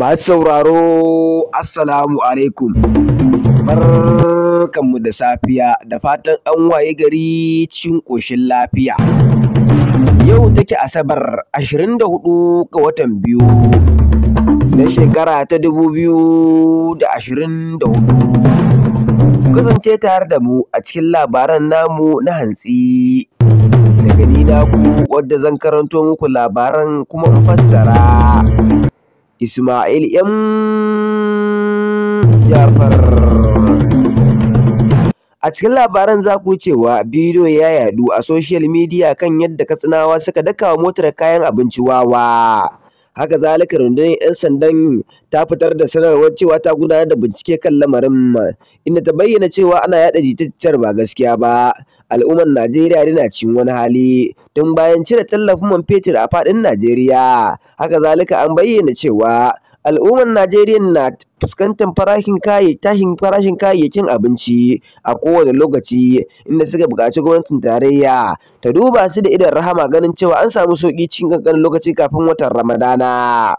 Masu sauraro, Assalamu alaikum. Barkanmu da safiya da fatan an waye gari cikin ƙoshin lafiya. Yau take Asabar 24 ga watan biyu na shekara ta 2024. Kasance tare da mu a cikin labaran namu na hantsi. Daga ni ku wadda zan karanto muku labaran kuma in fassara. Ismail M. Jafar. A cikin labaran za ku cewa bidiyo ya yadu a social media kan yadda katsinawa suka daka wa motar kayan abinci wawa. Haka zalika rundunar 'yan sandan ta fitar da sanarwar cewa ta gudanar da bincike kan lamarin inda ta bayyana cewa ana yada jita-jitar ba gaskiya ba. al'ummar Najeriya dai cin wani hali tun bayan cire tallafin man fetur a faɗin Najeriya. Haka zalika an bayyana cewa al'ummar Najeriya na fuskantar farashin tashin farashin kayayyakin abinci a kowane lokaci inda suka buƙaci gwamnatin tarayya ta duba su da idon rahama ganin cewa an samu sauƙi cikin ƙanƙanin lokaci kafin watan Ramadana.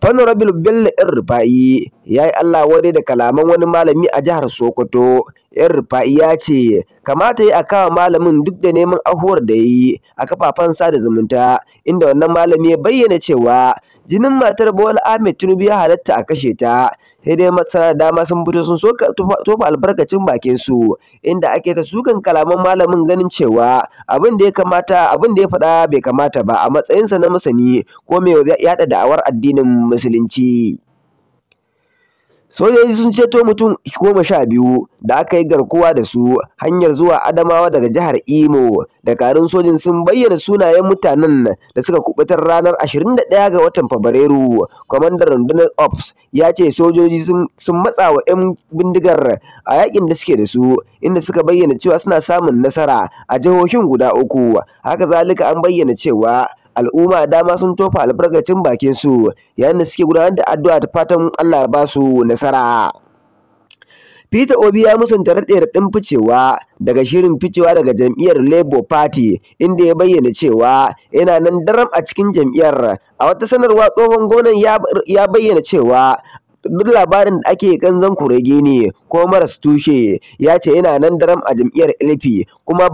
Honorable Bello ‘yan Rufa'i ya yi Allah wadai da kalaman wani malami a jihar Sokoto. ‘yan Rufa'i ya ce, kamata ya akawa malamin duk da neman ahuwar da ya yi a kafafen sada zumunta, inda wannan malami ya bayyana cewa jinin matar Bawal Ahmed Tinubu ya halatta a kashe ta sai dai masana dama sun fito sun soka tofa albarkacin bakin su inda ake ta sukan kalaman malamin ganin cewa abin da ya kamata abin da ya faɗa bai kamata ba a matsayinsa na masani ko mai yaɗa da'awar addinin musulunci Sojoji sun ceto mutum goma sha biyu da aka yi garkuwa da su hanyar zuwa Adamawa daga jihar Imo. Dakarun sojin sun bayyana sunayen mutanen da suka kubutar ranar 21 ga watan Fabrairu. Kwamandan rundunar Ops ya ce sojoji sun matsa wa 'yan bindigar a yakin da suke da su, inda suka bayyana cewa suna samun nasara a jihohin guda uku. Haka zalika an bayyana cewa al'umma dama sun tofa albarkacin bakin su yayin da suke gudanar da addu'a ta fatan Allah ba su nasara Peter Obi ya musanta da ɗin ficewa daga shirin ficewa daga jam'iyyar Labour Party inda ya bayyana cewa yana nan daram a cikin jam'iyyar. A wata sanarwa tsohon gwamnan ya bayyana cewa duk labarin da ake kanzan kurege ne ko maras tushe ya ce yana nan daram a jam'iyyar LP kuma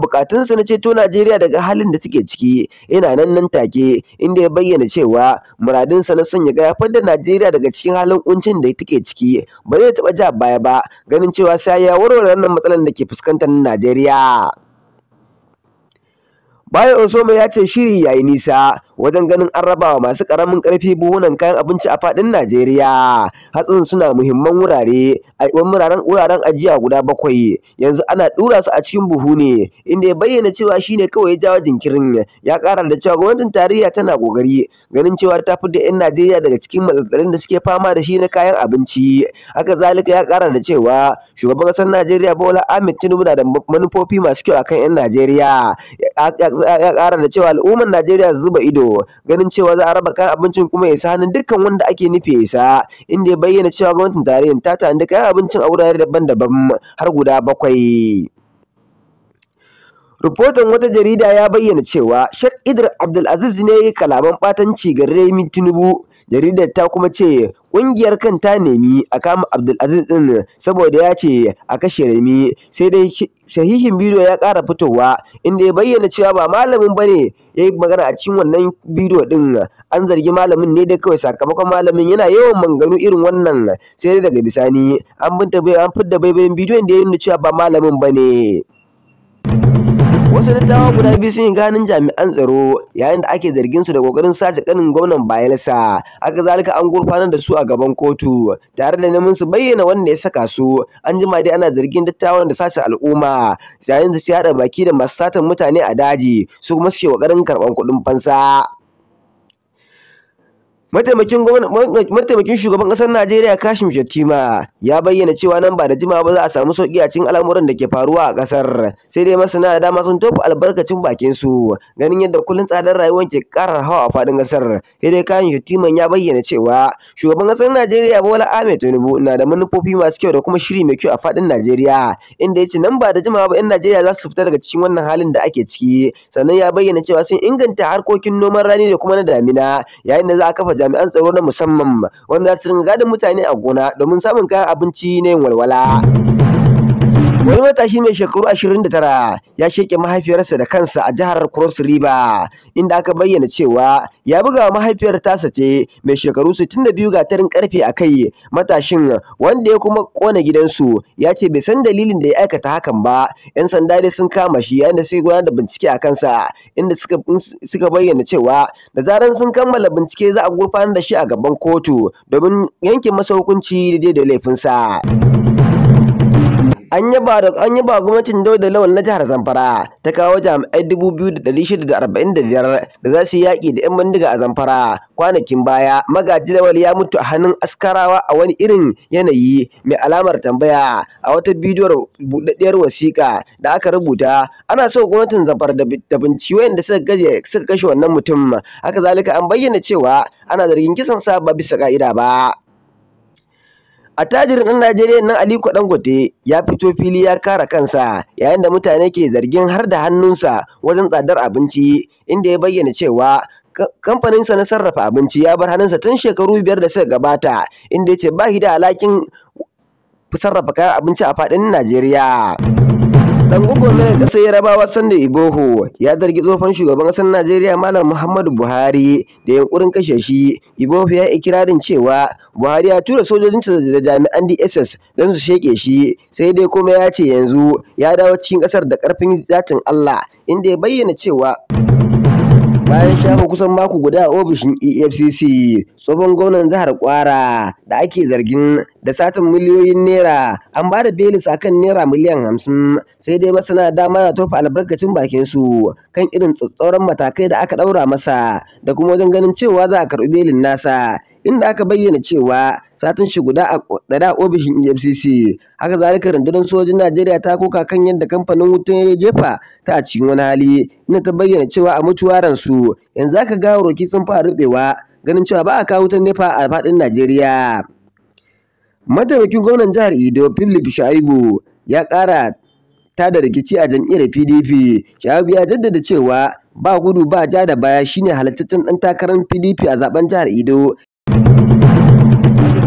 sa na ceto Najeriya daga halin da take ciki yana nan nan take inda ya bayyana cewa muradinsa na son ya ga ya fadda Najeriya daga cikin halin kuncin da take ciki ba zai taɓa ja baya ba ganin cewa sai ya warware wannan matsalar da ke fuskantar Najeriya. Bayan Osoma ya ce shiri yayi nisa wajen ganin an raba wa masu ƙaramin ƙarfi buhunan kayan abinci a faɗin Najeriya. Hatsin suna muhimman wurare, wuraren wuraren ajiya guda bakwai. Yanzu ana ɗura su a cikin buhu ne, inda ya bayyana cewa shine kawai ya jawo jinkirin. Ya ƙara da cewa gwamnatin tarayya tana ƙoƙari ganin cewa ta fi da 'yan Najeriya daga cikin matsatsalin da suke fama da shi na kayan abinci. Haka zalika ya ƙara da cewa shugaban ƙasar Najeriya Bola Ahmed Tinubu na da manufofi masu kyau a kan 'yan Najeriya. Ya ƙara da cewa al'ummar Najeriya su zuba ido ganin cewa za a raba kayan abincin kuma ya isa hannun dukkan wanda ake nufi ya isa inda ya bayyana cewa gwamnatin tarayyar ta tanadi kayan abincin a wurare daban-daban har guda bakwai. Rufotan wata jarida ya bayyana cewa Sheikh Idris Abdulaziz ne ya yi kalaman ɓatanci ga Remi Tinubu. Jaridar ta kuma ce ƙungiyar kan ta nemi a kama Abdulaziz ɗin saboda ya ce a kashe Remi sai dai sahihin bidiyo ya ƙara fitowa inda ya bayyana cewa ba malamin ba ne ya yi magana a cikin wannan bidiyo din an zargi malamin ne dai kawai sakamakon malamin yana yawan manganu irin wannan sai dai daga bisani an binta an fidda baibayin bidiyon da ya nuna cewa ba malamin ba ne. Wasu dattawa guda biyu sun yi ganin jami'an tsaro yayin da ake zargin su da kokarin sace kanin gwamnan Bayelsa. Haka zalika an gurfanar da su a gaban kotu tare da neman su bayyana wanda ya saka su. An jima dai ana zargin dattawan da sace al'umma yayin da su haɗa baki da masu satan mutane a daji su kuma suke kokarin karɓan kuɗin fansa. Mataimakin shugaban ƙasar Najeriya Kashim Shettima ya bayyana cewa nan ba da jimawa ba za a samu sauki a cikin al'amuran da ke faruwa a ƙasar. Sai dai masana da dama sun tofa albarkacin bakin su ganin yadda kullun tsadar rayuwar ke ƙara hawa a faɗin ƙasar. Sai dai Kashim Shettima ya bayyana cewa shugaban ƙasar Najeriya Bola Ahmed Tinubu na da manufofi masu kyau da kuma shiri mai kyau a faɗin Najeriya inda ya ce nan ba da jimawa ba 'yan Najeriya za su fita daga cikin wannan halin da ake ciki. Sannan ya bayyana cewa sun inganta harkokin noman rani da kuma na damina yayin da za a kafa jami'an tsaro na musamman wanda sun su gadin mutane a gona domin samun kayan abinci na yin walwala. Wani matashi mai shekaru 29 ya sheke mahaifiyarsa da kansa a jihar Cross River inda aka bayyana cewa ya buga wa mahaifiyar tasa ce mai shekaru 62 tarin karfe a kai matashin wanda ya kuma kona gidansu ya ce bai san dalilin da ya aikata hakan ba yan sanda dai sun kama shi yayin da sai gudanar da bincike a kansa inda suka bayyana cewa da zaran sun kammala bincike za a gurfanar da shi a gaban kotu domin yanke masa hukunci daidai da laifinsa. an yaba da an yaba gwamnatin Dauda Lawan na jihar Zamfara ta kawo jami'ai 2645 da za su yaƙi da 'yan bindiga a Zamfara kwanakin baya magaji Lawal ya mutu a hannun askarawa a wani irin yanayi mai alamar tambaya a wata bidiyo buɗaɗɗiyar wasiƙa da aka rubuta ana so gwamnatin Zamfara da binci wayanda suka gaje suka kashe wannan mutum haka zalika an bayyana cewa ana zargin kisan sa ba bisa ka'ida ba Attajirin ɗan Najeriya nan Aliko Dangote ya fito fili ya kara kansa yayin da mutane ke zargin har da hannunsa wajen tsadar abinci inda ya bayyana cewa kamfaninsa na sarrafa abinci ya bar hannunsa tun shekaru biyar da suka gabata inda ya ce ba shi da alakin sarrafa kayan abinci a faɗin Najeriya. Dan gwagwarmayar ƙasar Yarabawa Sunday Iboho ya dargi tsofan shugaban ƙasar Najeriya Malam Muhammadu Buhari da yunkurin kashe shi. Iboho ya yi ikirarin cewa Buhari ya tura sojojinsa da jami'an DSS don su sheke shi sai dai kuma ya ce yanzu ya dawo cikin ƙasar da ƙarfin zatin Allah inda ya bayyana cewa bayan Shafa kusan mako guda a ofishin efcc tsohon gwamnan jihar kwara da ake zargin da satin miliyoyin naira an ba da belis kan naira miliyan hamsin sai dai masana dama na tofa albarkacin bakin su kan irin tsatsauran matakai da aka daura masa da kuma wajen ganin cewa za a karɓi belin nasa inda aka bayyana cewa satin shi guda a da ofishin EFCC. Haka zalika rundunar sojin Najeriya ta koka kan yadda kamfanin wutan ya jefa ta a cikin wani hali inda ta bayyana cewa a mutuwa su yanzu aka ga roki sun fara rubewa ganin cewa ba a kawo wutan nefa a faɗin Najeriya. Mataimakin gwamnan jihar Edo, Philip Shaibu ya ƙara da rikici a jam'iyyar PDP. Shaibu ya jaddada cewa ba gudu ba ja da baya shine halittaccen dan takarar PDP a zaben jihar Edo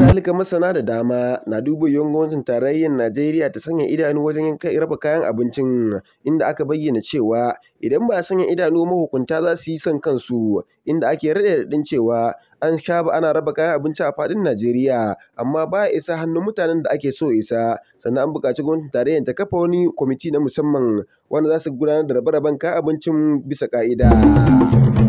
Kazalika masana da dama na duba yawan gwamnatin tarayyar Najeriya ta sanya idanu wajen raba kayan abincin, inda aka bayyana cewa idan ba a sanya idanu mahukunta za su yi son kansu, inda ake raɗe-raɗin cewa an sha ba ana raba kayan abinci a faɗin Najeriya amma ba isa hannun mutanen da ake so isa, sannan an buƙaci gwamnatin tarayyar ta kafa wani kwamiti na musamman wanda za su gudanar da rabe-raben kayan abincin bisa ƙa'ida.